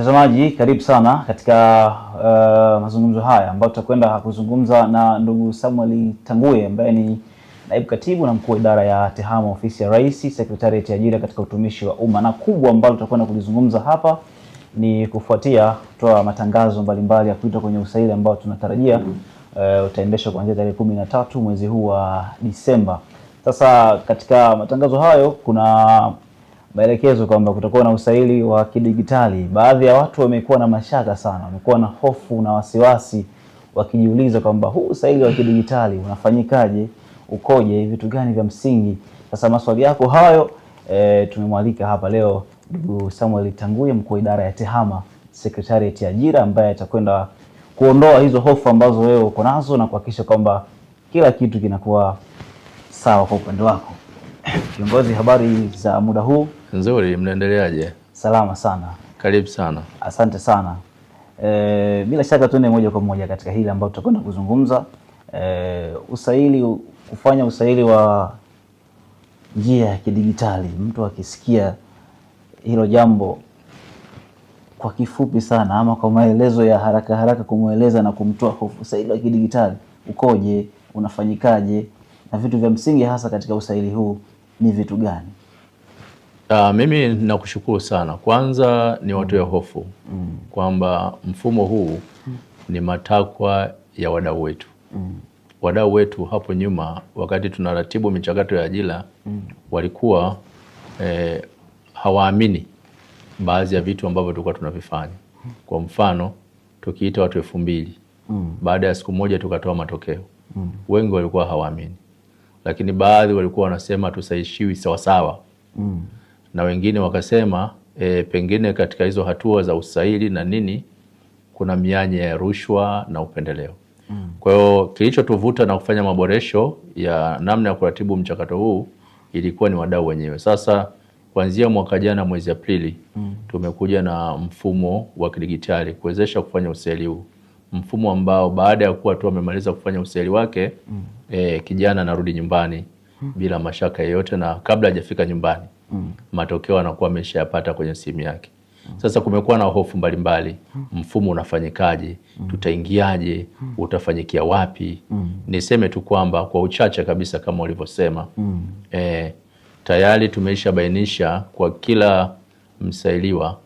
Mtazamaji karibu sana katika uh, mazungumzo haya ambayo tutakwenda kuzungumza na ndugu Samuel Tanguye ambaye ni naibu katibu na mkuu wa idara ya TEHAMA ofisi ya Rais, Sekretarieti ya ajira katika utumishi wa umma, na kubwa ambalo tutakwenda kulizungumza hapa ni kufuatia kutoa matangazo mbalimbali ya kuitwa kwenye usaili ambao tunatarajia mm -hmm. uh, utaendeshwa kuanzia tarehe kumi na tatu mwezi huu wa Disemba. Sasa katika matangazo hayo kuna maelekezo kwamba kutakuwa na usaili wa kidigitali. Baadhi ya watu wamekuwa na mashaka sana, wamekuwa na hofu na wasiwasi, wakijiuliza kwamba huu usaili wa kidigitali unafanyikaje, ukoje, vitu gani vya msingi? Sasa maswali yako hayo e, tumemwalika hapa leo ndugu Samuel Tanguye, mkuu wa idara ya TEHAMA Sekretarieti ya Ajira, ambaye atakwenda kuondoa hizo hofu ambazo wewe uko nazo na kuhakikisha kwamba kila kitu kinakuwa sawa kwa upande wako. Viongozi, habari za muda huu? Nzuri, mnaendeleaje? Salama sana. Karibu sana. Asante sana. E, bila shaka tuende moja kwa moja katika hili ambalo tutakwenda kuzungumza e, usaili kufanya usaili wa njia ya kidigitali. Mtu akisikia hilo jambo kwa kifupi sana ama kwa maelezo ya haraka haraka, kumweleza na kumtoa hofu, usaili wa kidigitali ukoje, unafanyikaje na vitu vya msingi hasa katika usaili huu ni vitu gani? Uh, mimi nakushukuru sana kwanza, ni watoe hofu mm. kwamba mfumo huu ni matakwa ya wadau wetu mm. wadau wetu hapo nyuma, wakati tunaratibu michakato ya ajira mm. walikuwa eh, hawaamini baadhi ya vitu ambavyo tulikuwa tunavifanya. Kwa mfano tukiita watu elfu mbili mm. baada ya siku moja tukatoa matokeo mm. wengi walikuwa hawaamini lakini baadhi walikuwa wanasema tusaishiwi sawasawa mm. na wengine wakasema e, pengine katika hizo hatua za usaili na nini kuna mianya ya rushwa na upendeleo mm. Kwa hiyo kilichotuvuta na kufanya maboresho ya namna ya kuratibu mchakato huu ilikuwa ni wadau wenyewe. Sasa kuanzia mwaka jana mwezi Aprili mm. tumekuja na mfumo wa kidigitali kuwezesha kufanya usaili huu mfumo ambao baada ya kuwa tu amemaliza kufanya usaili wake mm. e, kijana anarudi nyumbani mm. bila mashaka yeyote, na kabla hajafika nyumbani mm. matokeo anakuwa ameshayapata kwenye simu yake. Mm. Sasa kumekuwa na hofu mbalimbali mbali. Mm. Mfumo unafanyikaje? Mm. Tutaingiaje? Utafanyikia wapi? Niseme tu kwamba kwa uchache kabisa kama ulivyosema e, tayari tumeishabainisha kwa kila msailiwa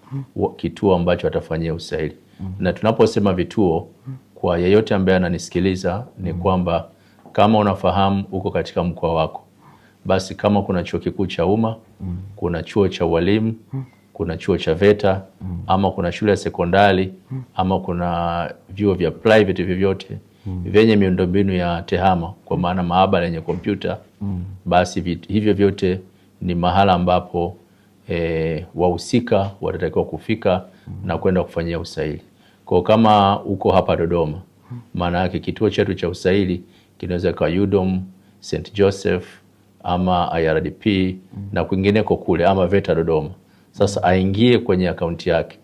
kituo ambacho atafanyia usaili. -hmm. na tunaposema vituo kwa yeyote ambaye ananisikiliza ni mm-hmm. kwamba kama unafahamu uko katika mkoa wako, basi kama kuna chuo kikuu cha umma mm. kuna chuo cha ualimu mm. Mm-hmm. kuna chuo cha VETA mm. ama kuna shule ya sekondari mm. ama kuna vyuo vya private vyovyote mm. vyenye miundombinu ya TEHAMA kwa maana maabara yenye kompyuta mm. basi hivyo vyote ni mahala ambapo e, wahusika watatakiwa kufika na kwenda kufanyia usaili. Kwa kama uko hapa Dodoma, maana yake kituo chetu cha usaili kinaweza kuwa UDOM, St Joseph ama IRDP mm. na kwingineko kule ama VETA Dodoma. Sasa aingie kwenye akaunti yake,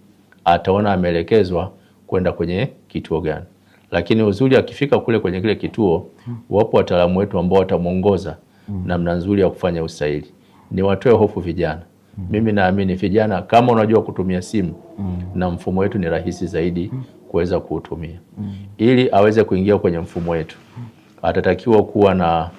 ataona ameelekezwa kwenda kwenye kituo gani, lakini uzuri akifika kule kwenye kile kituo, wapo wataalamu wetu ambao watamwongoza namna nzuri ya kufanya usaili. Niwatoe hofu vijana, mimi naamini vijana kama unajua kutumia simu mm. na mfumo wetu ni rahisi zaidi mm. kuweza kuutumia mm. ili aweze kuingia kwenye mfumo wetu mm. atatakiwa kuwa na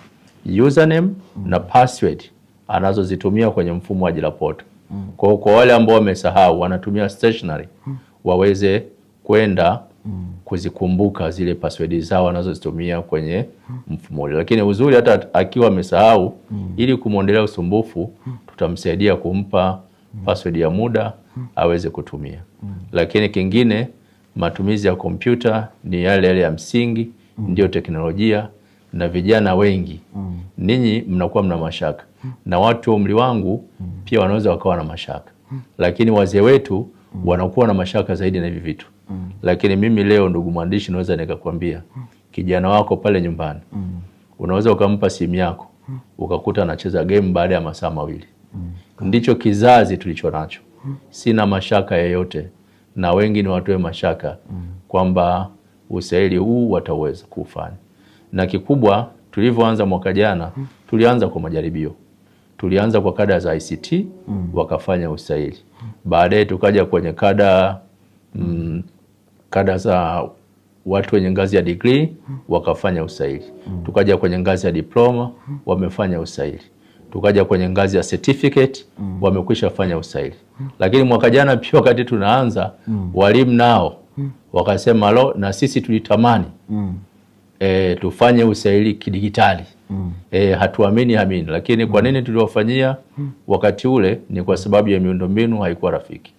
username mm. na password anazozitumia kwenye mfumo wa Jirapoto mm. kwa, kwa wale ambao wamesahau wanatumia stationary mm. waweze kwenda mm. kuzikumbuka zile password zao wanazozitumia kwenye mfumo ule. Lakini uzuri hata akiwa amesahau mm. ili kumwondolea usumbufu tutamsaidia kumpa mm. password ya muda mm. aweze kutumia mm. Lakini kingine, matumizi ya kompyuta ni yale yale ya msingi mm. ndiyo teknolojia na vijana wengi mm. ninyi mnakuwa mna mashaka mm. na watu wa umri wangu mm. pia wanaweza wakawa na mashaka mm. lakini wazee wetu mm. wanakuwa na mashaka zaidi na hivi vitu mm. Lakini mimi leo, ndugu mwandishi, naweza nikakwambia mm. kijana wako pale nyumbani mm. unaweza ukampa simu yako mm. ukakuta anacheza game baada ya masaa mawili mm. Ndicho kizazi tulicho nacho mm. Sina mashaka yeyote, na wengi ni watoe mashaka mm. kwamba usaili huu wataweza kufanya, na kikubwa tulivyoanza mwaka jana mm. tulianza kwa majaribio tulianza kwa kada za ICT mm. wakafanya usaili mm. baadaye tukaja kwenye kada mm, kada za watu wenye ngazi ya degree wakafanya usaili, tukaja kwenye ngazi ya diploma wamefanya usaili, tukaja kwenye ngazi ya certificate wamekwisha fanya usaili. Lakini mwaka jana pia wakati tunaanza, walimu nao wakasema lo, na sisi tulitamani e, tufanye usaili kidigitali. E, hatuamini amini, lakini kwa nini tuliwafanyia wakati ule? Ni kwa sababu ya miundombinu haikuwa rafiki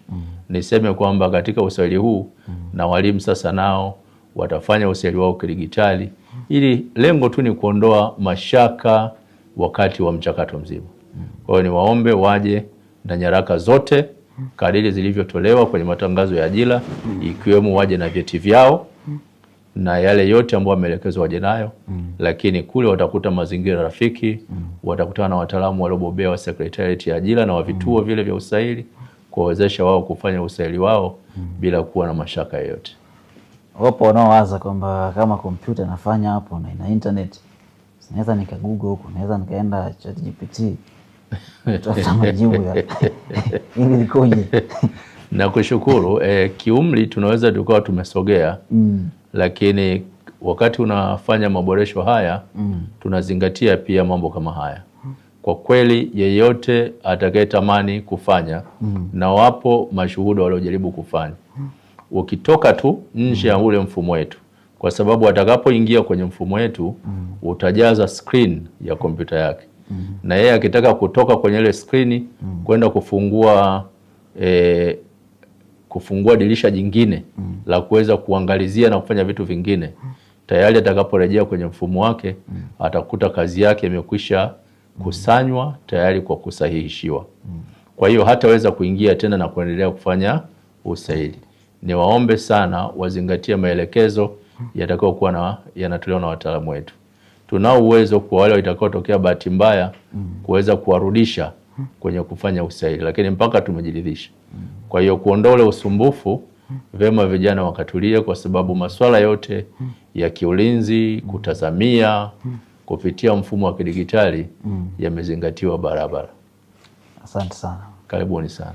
niseme kwamba katika usaili huu mm. na walimu sasa nao watafanya usaili wao kidigitali ili lengo tu ni kuondoa mashaka wakati wa mchakato mzima kwa hiyo niwaombe waje na nyaraka zote kadiri zilivyotolewa kwenye matangazo ya ajira ikiwemo waje na vyeti vyao na yale yote ambayo wameelekezwa waje nayo mm. lakini kule watakuta mazingira rafiki mm. watakutana na wataalamu waliobobea wa sekretarieti ya ajira na wa vituo mm. vile vya usaili kuwawezesha wao kufanya usaili wao mm. bila kuwa na mashaka yoyote. Wapo wanaowaza kwamba kama kompyuta inafanya hapo na ina internet, naweza nika google huko, naweza nikaenda ChatGPT tafuta majibu ya ili likoje? Nakushukuru eh, kiumri tunaweza tukawa tumesogea mm. lakini wakati unafanya maboresho haya mm. tunazingatia pia mambo kama haya kwa kweli yeyote atakayetamani kufanya mm. na wapo mashuhuda waliojaribu kufanya mm. ukitoka tu nje ya mm. ule mfumo wetu, kwa sababu atakapoingia kwenye mfumo wetu mm. utajaza screen ya kompyuta yake mm. na yeye akitaka kutoka kwenye ile skrini mm. kwenda kufungua e, kufungua dirisha jingine mm. la kuweza kuangalizia na kufanya vitu vingine, mm. tayari atakaporejea kwenye mfumo wake mm. atakuta kazi yake imekwisha kusanywa tayari kwa kusahihishiwa. Kwa hiyo hataweza kuingia tena na kuendelea kufanya usaili. Niwaombe sana wazingatie maelekezo yatakayokuwa na yanatolewa na wataalamu wetu. Tunao uwezo kwa wale watakaotokea bahati mbaya kuweza kuwarudisha kwenye kufanya usaili, lakini mpaka tumejiridhisha. Kwa hiyo kuondoa ule usumbufu, vyema vijana wakatulie, kwa sababu masuala yote ya kiulinzi, kutazamia kupitia mfumo wa kidigitali mm. yamezingatiwa barabara. Asante sana, karibuni sana.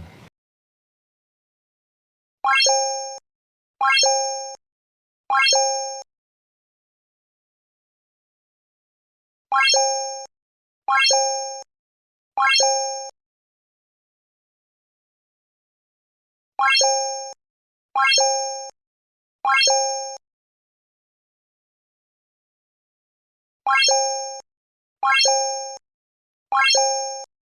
Thank you.